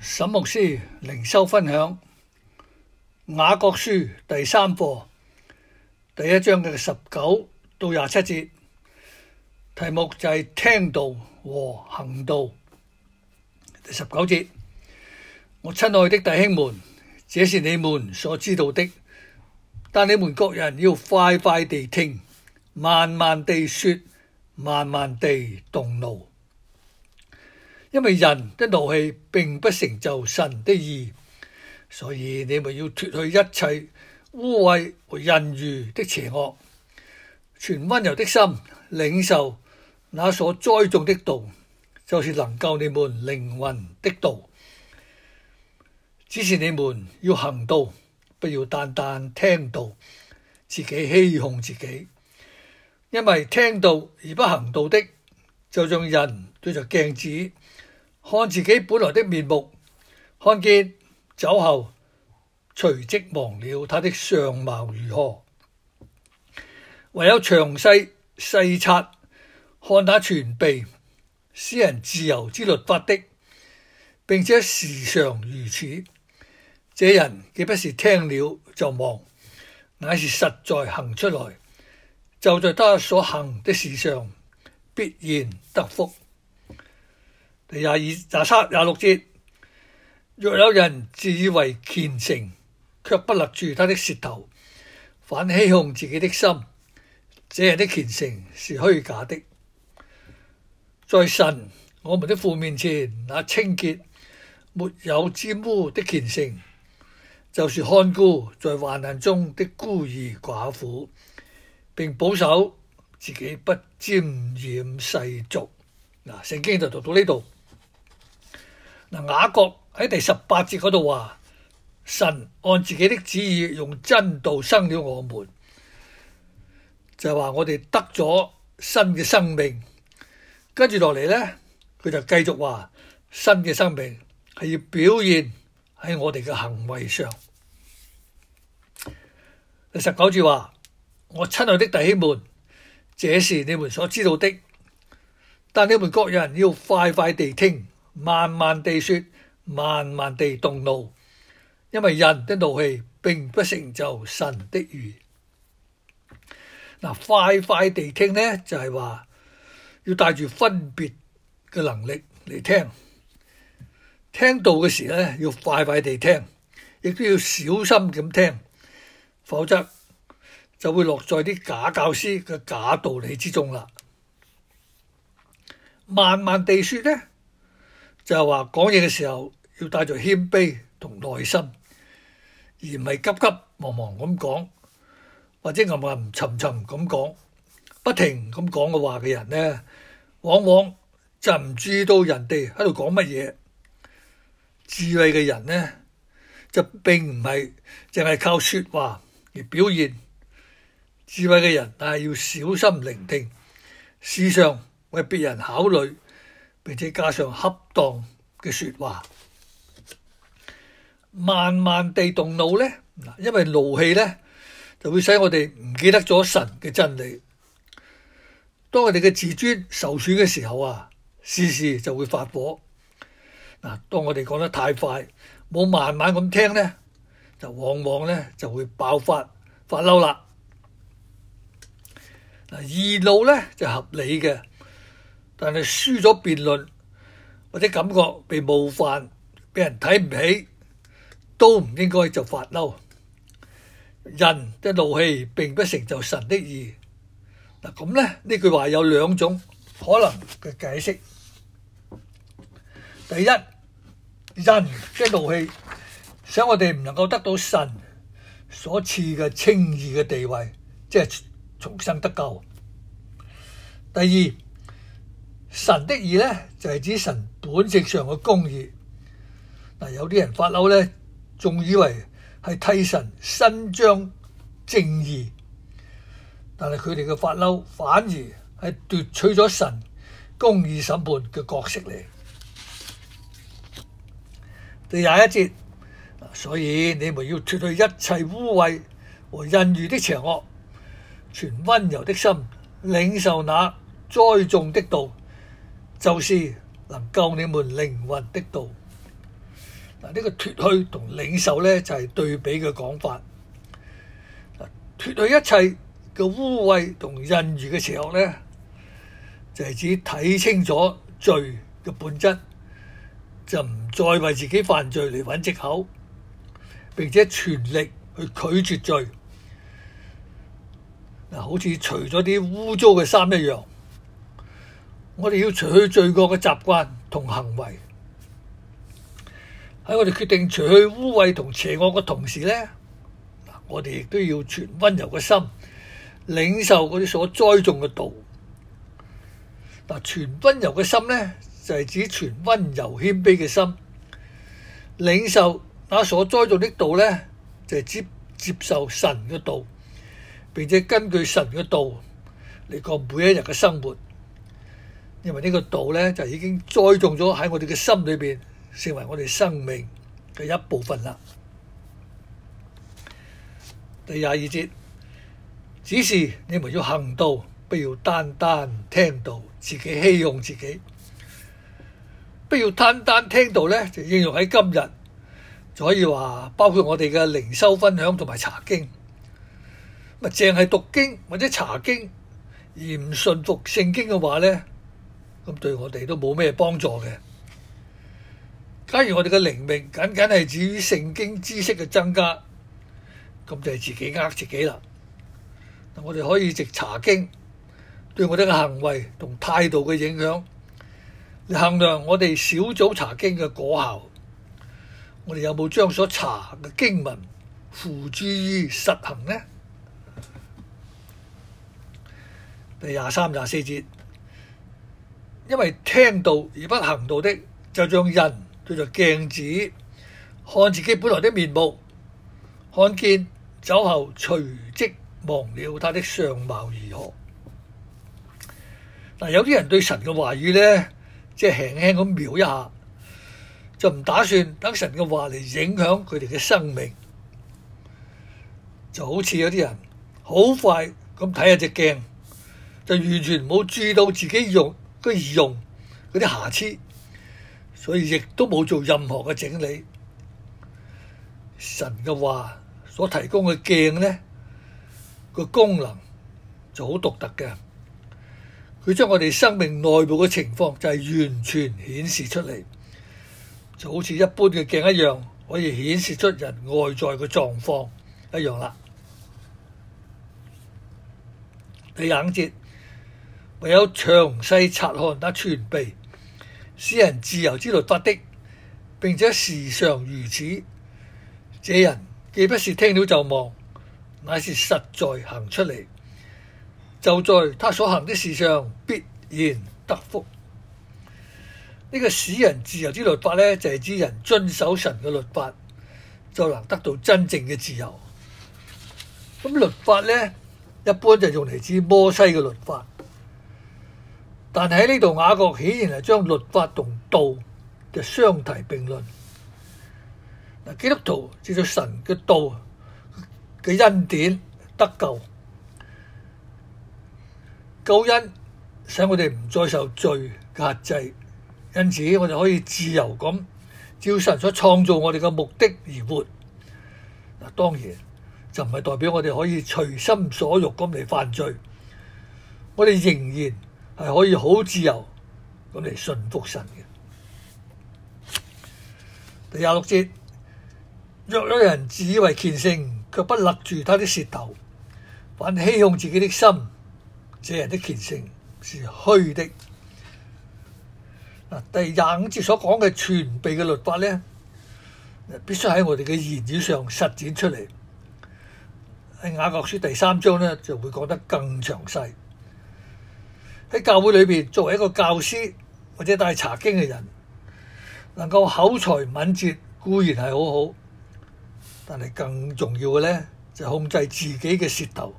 沈牧師靈修分享，雅各書第三課，第一章嘅十九到廿七節，題目就係、是、聽道和行道。第十九節，我親愛的弟兄們，這是你們所知道的，但你們各人要快快地聽，慢慢地說，慢慢地動怒。因為人的怒氣並不成就神的義，所以你們要脫去一切污穢和盈餘的邪惡，存溫柔的心領受那所栽種的道，就是能救你們靈魂的道。只是你們要行道，不要單單聽道，自己欺哄自己。因為聽道而不行道的，就像人對着鏡子，看自己本來的面目，看見走後，隨即忘了他的相貌如何，唯有詳細細察看那全備使人自由之律法的，並且時常如此，這人既不是聽了就忘，乃是實在行出來，就在他所行的事上必然得福。廿二、廿三、廿六節。若有人自以為虔誠，卻不勒住他的舌頭，反欺哄自己的心，這樣的虔誠是虛假的。在神我們的父面前，那清潔、沒有沾污的虔誠，就是看顧在患難中的孤兒寡婦，並保守自己不沾染世俗。嗱、啊，聖經就讀到呢度。嗱，雅各喺第十八節嗰度話：神按自己的旨意用真道生了我們，就係話我哋得咗新嘅生命。跟住落嚟咧，佢就繼續話：新嘅生命係要表現喺我哋嘅行為上。第十九節話：我親愛的弟兄們，這是你們所知道的，但你們各人要快快地聽，慢慢地說，慢慢地動怒，因為人的怒氣並不成就神的義。嗱，快快地聽呢，就係話要帶住分別嘅能力嚟聽，聽到嘅時呢，要快快地聽，亦都要小心咁聽，否則就會落在啲假教師嘅假道理之中啦。慢慢地說呢，就係話講嘢嘅時候要帶住謙卑同耐心，而唔係急急忙忙咁講，或者暗暗沉沉咁講，不停咁講嘅話嘅人呢，往往就唔注意到人哋喺度講乜嘢。智慧嘅人呢，就並唔係淨係靠說話而表現，智慧嘅人但係要小心聆聽，事上，為別人考慮。或者加上恰當嘅說話，慢慢地動怒呢？嗱，因為怒氣呢，就會使我哋唔記得咗神嘅真理。當我哋嘅自尊受損嘅時候啊，時時就會發火。嗱、啊，當我哋講得太快，冇慢慢咁聽呢，就往往呢就會爆發發嬲啦。嗱，易怒呢，就合理嘅。但係輸咗辯論，或者感覺被冒犯、俾人睇唔起，都唔應該就發嬲。人的怒氣並不成就神的義。嗱咁呢，呢句話有兩種可能嘅解釋。第一，人嘅怒氣，使我哋唔能夠得到神所賜嘅稱義嘅地位，即係重生得救。第二。神的義呢，就係、是、指神本性上嘅公義。嗱，有啲人發嬲呢，仲以為係替神伸張正義，但係佢哋嘅發嬲反而係奪取咗神公義審判嘅角色嚟。第廿一節，所以你們要脱去一切污穢和盈餘的邪惡，存温柔的心，領受那栽種的道。就是能救你們靈魂的道。呢、這個脫去同領受呢，就係、是、對比嘅講法。脫去一切嘅污穢同盈餘嘅邪惡呢，就係、是、指睇清楚罪嘅本質，就唔再為自己犯罪嚟揾藉口，並且全力去拒絕罪。好似除咗啲污糟嘅衫一樣。我哋要除去罪惡嘅習慣同行為，喺我哋決定除去污穢同邪惡嘅同時咧，我哋亦都要存溫柔嘅心，領受嗰啲所栽種嘅道。嗱，存溫柔嘅心咧，就係指存溫柔謙卑嘅心，領受嗱所栽種的道咧，就係指接受神嘅道，並且根據神嘅道嚟過每一日嘅生活。因為呢個道呢，就已經栽種咗喺我哋嘅心裏邊，成為我哋生命嘅一部分啦。第廿二節，只是你們要行道，不要單單聽道，自己欺哄自己，不要單單聽道呢，就應用喺今日。就可以話，包括我哋嘅靈修分享同埋查經，咪淨係讀經或者查經而唔順服聖經嘅話呢。咁對我哋都冇咩幫助嘅。假如我哋嘅靈命僅僅係指於聖經知識嘅增加，咁就係自己呃自己啦。我哋可以藉查經，對我哋嘅行為同態度嘅影響，嚟衡量我哋小組查經嘅果效。我哋有冇將所查嘅經文付諸於實行呢？第廿三廿四節。因為聽道而不行道的，就像人對着鏡子，看自己本來的面目，看見走後隨即忘了他的相貌如何。但有啲人對神嘅話語呢，即係輕輕咁瞄一下，就唔打算等神嘅話嚟影響佢哋嘅生命，就好似有啲人好快咁睇下隻鏡，就完全冇注意到自己用個儀容嗰啲瑕疵，所以亦都冇做任何嘅整理。神嘅話所提供嘅鏡呢個功能就好獨特嘅。佢將我哋生命內部嘅情況就係完全顯示出嚟，就好似一般嘅鏡一樣，可以顯示出人外在嘅狀況一樣啦。廿五節。唯有詳細察看那全備，使人自由之律法的，並且時常如此，這人既不是聽了就忘，乃是實在行出嚟，就在他所行的事上必然得福。呢、呢個使人自由之律法呢，就係、是、指人遵守神嘅律法，就能得到真正嘅自由。咁律法呢，一般就用嚟指摩西嘅律法。但喺呢度，雅各顯然係將律法同道就相提並論。基督徒藉住神嘅道嘅恩典得救，救恩使我哋唔再受罪壓制，因此我哋可以自由咁照神所創造我哋嘅目的而活。嗱，當然就唔係代表我哋可以隨心所欲咁嚟犯罪，我哋仍然。係可以好自由咁嚟信服神嘅。第廿六節，若有人自以為虔誠，卻不勒住他的舌頭，反欺哄自己的心，這人的虔誠是虛的。嗱，第廿五節所講嘅全備嘅律法呢，必須喺我哋嘅言語上實踐出嚟。喺雅各書第三章呢，就會講得更詳細。喺教會裏邊，作為一個教師或者帶查經嘅人，能夠口才敏捷固然係好好，但係更重要嘅咧，就係、控制自己嘅舌頭，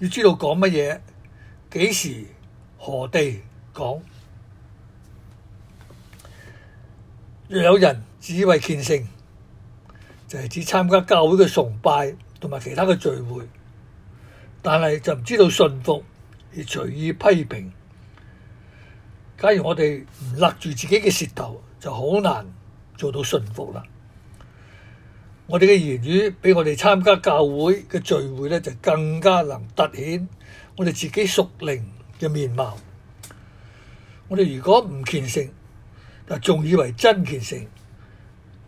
要知道講乜嘢，幾時何地講。若有人只為虔誠，就係、是、指參加教會嘅崇拜同埋其他嘅聚會，但係就唔知道順服。而隨意批評，假如我哋唔勒住自己嘅舌頭，就好難做到順服啦。我哋嘅言語俾我哋參加教會嘅聚會呢，就更加能凸顯我哋自己屬靈嘅面貌。我哋如果唔虔誠，但仲以為真虔誠，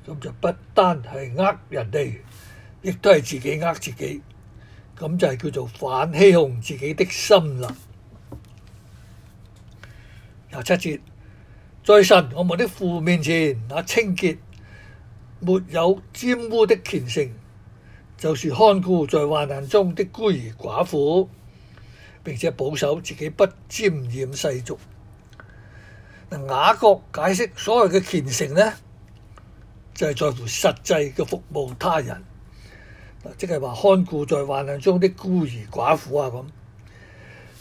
咁就不單係呃人哋，亦都係自己呃自己。咁就係叫做反欺哄自己的心啦。廿七節，在神我們的父面前，那清潔、沒有沾污的虔誠，就是看顧在患難中的孤兒寡婦，並且保守自己不沾染世俗。嗱，雅各解釋所謂嘅虔誠呢，就係、是、在乎實際嘅服務他人。即係話看顧在患難中啲孤兒寡婦啊，咁，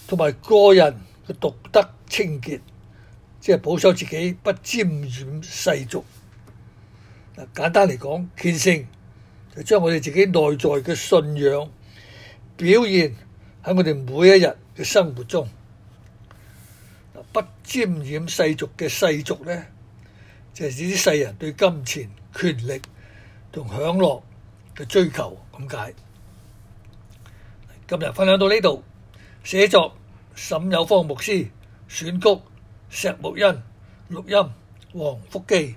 同埋個人嘅獨德清潔，即係保守自己不沾染世俗。嗱，簡單嚟講，虔誠就將我哋自己內在嘅信仰表現喺我哋每一日嘅生活中。不沾染世俗嘅世俗呢，就係指啲世人對金錢、權力同享樂。嘅追求咁解，今日分享到呢度。寫作沈有方牧師，選曲石木恩，錄音黃福基。